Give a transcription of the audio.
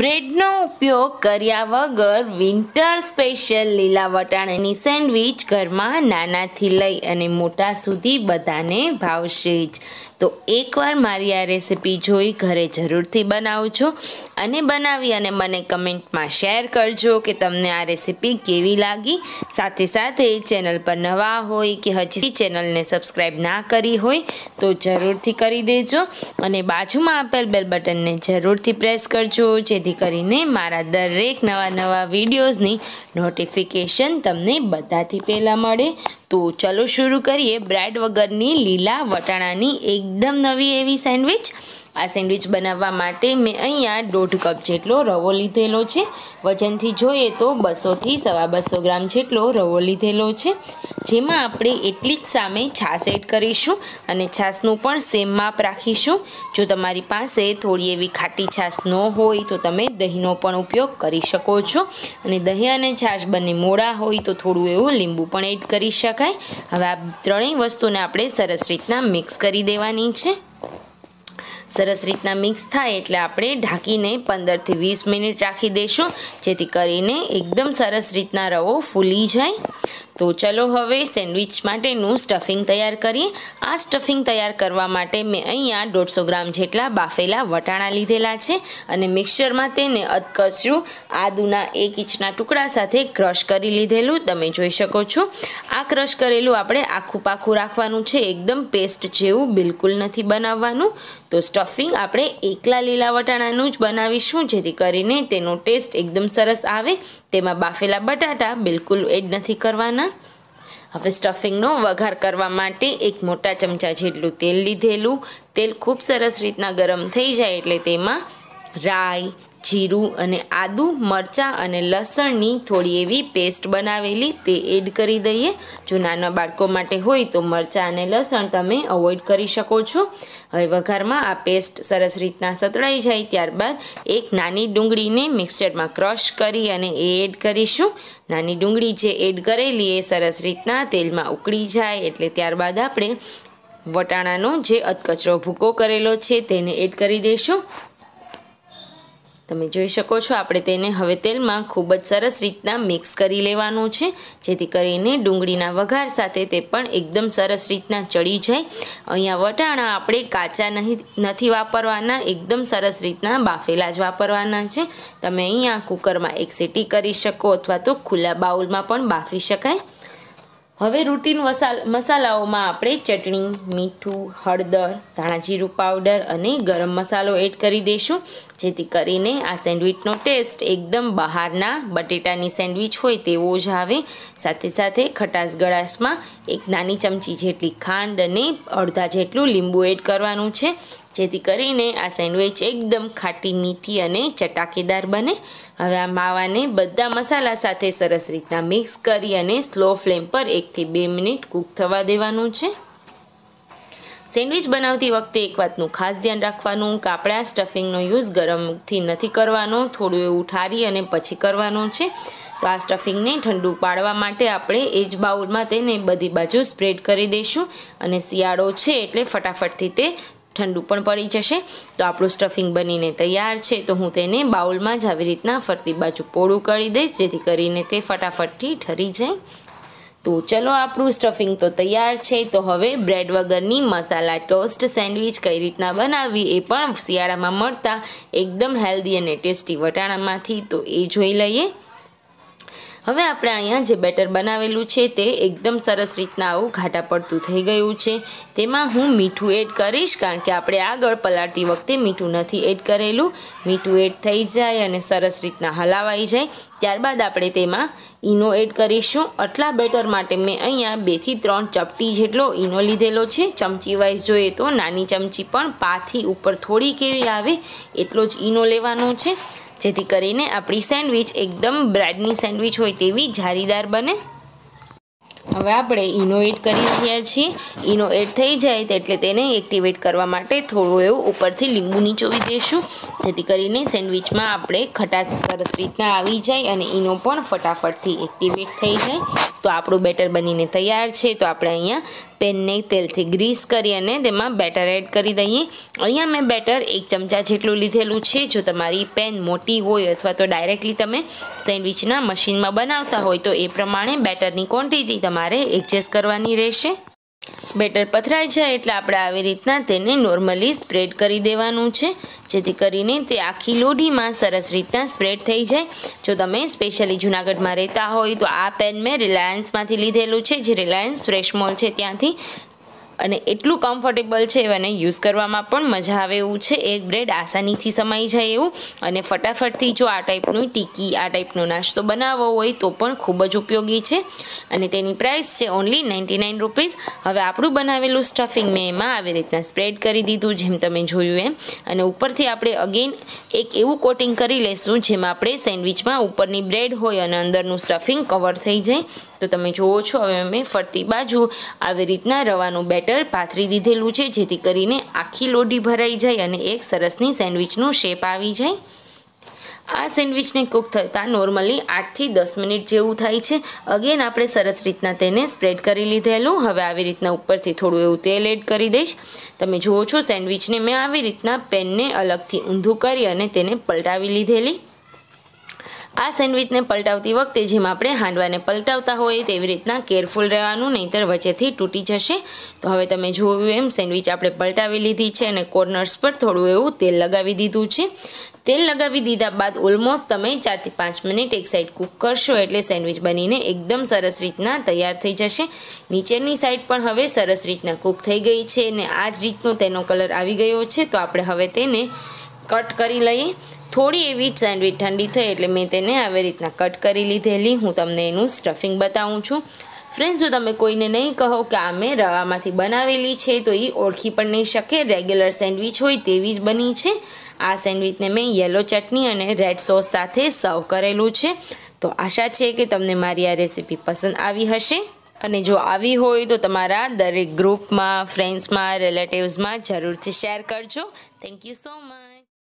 બ્રેડનો ઉપયોગ કર્યા વગર વિન્ટર સ્પેશિયલ લીલા વટાણાની સેન્ડવિચ ઘરમાં નાનાથી લઈ અને મોટા સુધી બધાને ભાવશે જ તો એકવાર મારી આ રેસીપી જોઈ ઘરે જરૂરથી બનાવજો અને બનાવી અને મને કમેન્ટમાં શેર કરજો કે તમને આ રેસીપી કેવી લાગી સાથે સાથે ચેનલ પર નવા હોય કે હજી ચેનલને સબસ્ક્રાઈબ ના કરી હોય તો જરૂરથી કરી દેજો અને બાજુમાં આપેલ બેલ બટનને જરૂરથી પ્રેસ કરજો જેથી કરીને મારા દરેક નવા નવા વિડીયોઝની નોટિફિકેશન તમને બધાથી પહેલાં મળે તો ચલો શરૂ કરીએ બ્રેડ વગરની લીલા વટાણાની એકદમ નવી એવી સેન્ડવિચ આ સેન્ડવિચ બનાવવા માટે મેં અહીંયા દોઢ કપ જેટલો રવો લીધેલો છે વજનથી જોઈએ તો બસોથી સવા બસો ગ્રામ જેટલો રવો લીધેલો છે જેમાં આપણે એટલી જ સામે છાશ એડ કરીશું અને છાસનું પણ સેમ માપ રાખીશું જો તમારી પાસે થોડી એવી ખાટી છાસ ન હોય તો તમે દહીંનો પણ ઉપયોગ કરી શકો છો અને દહીં અને છાશ બંને મોડા હોય તો થોડું એવું લીંબુ પણ એડ કરી શકાય હવે આ ત્રણેય વસ્તુને આપણે સરસ રીતના મિક્સ કરી દેવાની છે સરસ રીતના મિક્સ થાય એટલે આપણે ઢાંકીને પંદરથી વીસ મિનિટ રાખી દઈશું જેથી કરીને એકદમ સરસ રીતના રવો ફૂલી જાય તો ચલો હવે સેન્ડવિચ માટેનું સ્ટફિંગ તૈયાર કરીએ આ સ્ટફિંગ તૈયાર કરવા માટે મેં અહીંયા દોઢસો ગ્રામ જેટલા બાફેલા વટાણા લીધેલા છે અને મિક્સરમાં તેને અદકસ્યું આદુના એક ઇંચના ટુકડા સાથે ક્રશ કરી લીધેલું તમે જોઈ શકો છો આ ક્રશ કરેલું આપણે આખું પાખું રાખવાનું છે એકદમ પેસ્ટ જેવું બિલકુલ નથી બનાવવાનું તો સ્ટફિંગ આપણે એકલા લીલા વટાણાનું જ બનાવીશું જેથી કરીને તેનો ટેસ્ટ એકદમ સરસ આવે તેમાં બાફેલા બટાટા બિલકુલ એડ નથી કરવાના નાખવાના હવે સ્ટફિંગનો વઘાર કરવા માટે એક મોટા ચમચા જેટલું તેલ લીધેલું તેલ ખૂબ સરસ રીતના ગરમ થઈ જાય એટલે તેમાં રાઈ જીરું અને આદું મરચાં અને લસણની થોડી એવી પેસ્ટ બનાવેલી તે એડ કરી દઈએ જો નાના બાળકો માટે હોય તો મરચાં અને લસણ તમે અવોઇડ કરી શકો છો હવે વઘારમાં આ પેસ્ટ સરસ રીતના સતળાઈ જાય ત્યારબાદ એક નાની ડુંગળીને મિક્સચરમાં ક્રશ કરી અને એ એડ કરીશું નાની ડુંગળી જે એડ કરેલી એ સરસ રીતના તેલમાં ઉકળી જાય એટલે ત્યારબાદ આપણે વટાણાનો જે અધકચરો ભૂકો કરેલો છે તેને એડ કરી દઈશું તમે જોઈ શકો છો આપણે તેને હવે તેલમાં ખૂબ જ સરસ રીતના મિક્સ કરી લેવાનું છે જેથી કરીને ડુંગળીના વઘાર સાથે તે પણ એકદમ સરસ રીતના ચડી જાય અહીંયા વટાણા આપણે કાચા નહીં નથી વાપરવાના એકદમ સરસ રીતના બાફેલા જ વાપરવાના છે તમે અહીંયા કુકરમાં એક સીટી કરી શકો અથવા તો ખુલ્લા બાઉલમાં પણ બાફી શકાય હવે રૂટીન મસાલાઓમાં આપણે ચટણી મીઠું હળદર ધાણાજીરું પાવડર અને ગરમ મસાલો એડ કરી દઈશું જેથી કરીને આ સેન્ડવિચનો ટેસ્ટ એકદમ બહારના બટેટાની સેન્ડવિચ હોય તેવો જ આવે સાથે સાથે ખટાશ ગળાશમાં એક નાની ચમચી જેટલી ખાંડ અને અડધા જેટલું લીંબુ એડ કરવાનું છે જેથી કરીને આ સેન્ડવિચ એકદમ ખાટી મીઠી અને ચટાકેદાર બને હવે આ માવાને બધા મસાલા સાથે સરસ રીતના મિક્સ કરી અને સ્લો ફ્લેમ પર એકથી બે મિનિટ કૂક થવા દેવાનું છે સેન્ડવિચ બનાવતી વખતે એક વાતનું ખાસ ધ્યાન રાખવાનું કાપડા સ્ટફિંગનો યુઝ ગરમથી નથી કરવાનો થોડું એવું ઠારી અને પછી કરવાનો છે તો આ સ્ટફિંગને ઠંડુ પાડવા માટે આપણે એ જ બાઉલમાં તેને બધી બાજુ સ્પ્રેડ કરી દઈશું અને શિયાળો છે એટલે ફટાફટથી તે ઠંડુ પણ પડી જશે તો આપણું સ્ટફિંગ બનીને તૈયાર છે તો હું તેને બાઉલમાં જ આવી રીતના ફરતી બાજુ પોળું કરી દઈશ જેથી કરીને તે ફટાફટથી ઠરી જાય તો ચલો આપણું સ્ટફિંગ તો તૈયાર છે તો હવે બ્રેડ વગરની મસાલા ટોસ્ટ સેન્ડવિચ કઈ રીતના બનાવવી એ પણ શિયાળામાં મળતા એકદમ હેલ્ધી અને ટેસ્ટી વટાણામાંથી તો એ જોઈ લઈએ હવે આપણે અહીંયા જે બેટર બનાવેલું છે તે એકદમ સરસ રીતના આવું ઘાટા પડતું થઈ ગયું છે તેમાં હું મીઠું એડ કરીશ કારણ કે આપણે આગળ પલાળતી વખતે મીઠું નથી એડ કરેલું મીઠું એડ થઈ જાય અને સરસ રીતના હલાવાઈ જાય ત્યારબાદ આપણે તેમાં ઈનો એડ કરીશું આટલા બેટર માટે મેં અહીંયા બેથી ત્રણ ચપટી જેટલો ઈનો લીધેલો છે ચમચી વાઇઝ જોઈએ તો નાની ચમચી પણ પાથી ઉપર થોડી કેવી આવે એટલો જ ઈનો લેવાનો છે જેથી કરીને આપણી સેન્ડવિચ એકદમ બ્રેડની સેન્ડવિચ હોય તેવી જારીદાર બને હવે આપણે ઇનો એડ કરી રહ્યા છીએ ઇનો એડ થઈ જાય એટલે તેને એક્ટિવેટ કરવા માટે થોડું એવું ઉપરથી લીંબુ નીચોવી દઈશું જેથી કરીને સેન્ડવિચમાં આપણે ખટાશ સરસ રીતના આવી જાય અને ઇનો પણ ફટાફટથી એક્ટિવેટ થઈ જાય તો આપણું બેટર બનીને તૈયાર છે તો આપણે અહીંયા પેનને તેલથી ગ્રીસ કરી અને તેમાં બેટર એડ કરી દઈએ અહીંયા મેં બેટર એક ચમચા જેટલું લીધેલું છે જો તમારી પેન મોટી હોય અથવા તો ડાયરેક્ટલી તમે સેન્ડવિચના મશીનમાં બનાવતા હોય તો એ પ્રમાણે બેટરની ક્વોન્ટિટી તમારે એડજસ્ટ કરવાની રહેશે બેટર પથરાય છે એટલે આપણે આવી રીતના તેને નોર્મલી સ્પ્રેડ કરી દેવાનું છે જેથી કરીને તે આખી લોઢીમાં સરસ રીતના સ્પ્રેડ થઈ જાય જો તમે સ્પેશિયલી જૂનાગઢમાં રહેતા હોય તો આ પેન મેં રિલાયન્સમાંથી લીધેલું છે જે રિલાયન્સ ફ્રેશ મોલ છે ત્યાંથી અને એટલું કમ્ફર્ટેબલ છે અને યુઝ કરવામાં પણ મજા આવે એવું છે એક બ્રેડ આસાનીથી સમાઈ જાય એવું અને ફટાફટથી જો આ ટાઈપનું ટીકી આ ટાઈપનો નાસ્તો બનાવવો હોય તો પણ ખૂબ જ ઉપયોગી છે અને તેની પ્રાઇસ છે ઓનલી નાઇન્ટી નાઇન રૂપીઝ હવે આપણું બનાવેલું સ્ટફિંગ મેં એમાં આવી રીતના સ્પ્રેડ કરી દીધું જેમ તમે જોયું એમ અને ઉપરથી આપણે અગેન એક એવું કોટિંગ કરી લઈશું જેમાં આપણે સેન્ડવિચમાં ઉપરની બ્રેડ હોય અને અંદરનું સ્ટફિંગ કવર થઈ જાય તો તમે જુઓ છો હવે મેં ફરતી બાજુ આવી રીતના રવાનું બેટર બેટર પાથરી દીધેલું છે જેથી કરીને આખી લોઢી ભરાઈ જાય અને એક સરસની સેન્ડવિચનું શેપ આવી જાય આ સેન્ડવિચને કૂક થતાં નોર્મલી આઠથી દસ મિનિટ જેવું થાય છે અગેન આપણે સરસ રીતના તેને સ્પ્રેડ કરી લીધેલું હવે આવી રીતના ઉપરથી થોડું એવું તેલ એડ કરી દઈશ તમે જુઓ છો સેન્ડવિચને મેં આવી રીતના પેનને અલગથી ઊંધું કરી અને તેને પલટાવી લીધેલી આ સેન્ડવિચને પલટાવતી વખતે જેમ આપણે હાંડવાને પલટાવતા હોય તેવી રીતના કેરફુલ રહેવાનું નહીંતર વચ્ચેથી તૂટી જશે તો હવે તમે જોયું એમ સેન્ડવિચ આપણે પલટાવી લીધી છે અને કોર્નર્સ પર થોડું એવું તેલ લગાવી દીધું છે તેલ લગાવી દીધા બાદ ઓલમોસ્ટ તમે ચારથી પાંચ મિનિટ એક સાઈડ કૂક કરશો એટલે સેન્ડવિચ બનીને એકદમ સરસ રીતના તૈયાર થઈ જશે નીચેની સાઈડ પણ હવે સરસ રીતના કૂક થઈ ગઈ છે અને આ જ રીતનો તેનો કલર આવી ગયો છે તો આપણે હવે તેને કટ કરી લઈએ થોડી એવી સેન્ડવીચ ઠંડી થઈ એટલે મેં તેને આવી રીતના કટ કરી લીધેલી હું તમને એનું સ્ટફિંગ બતાવું છું ફ્રેન્ડ્સ જો તમે કોઈને નહીં કહો કે આ મેં રવામાંથી બનાવેલી છે તો એ ઓળખી પણ નહીં શકે રેગ્યુલર સેન્ડવિચ હોય તેવી જ બની છે આ સેન્ડવિચને મેં યલો ચટણી અને રેડ સોસ સાથે સર્વ કરેલું છે તો આશા છે કે તમને મારી આ રેસીપી પસંદ આવી હશે અને જો આવી હોય તો તમારા દરેક ગ્રુપમાં ફ્રેન્ડ્સમાં રિલેટિવ્સમાં જરૂરથી શેર કરજો થેન્ક યુ સો મચ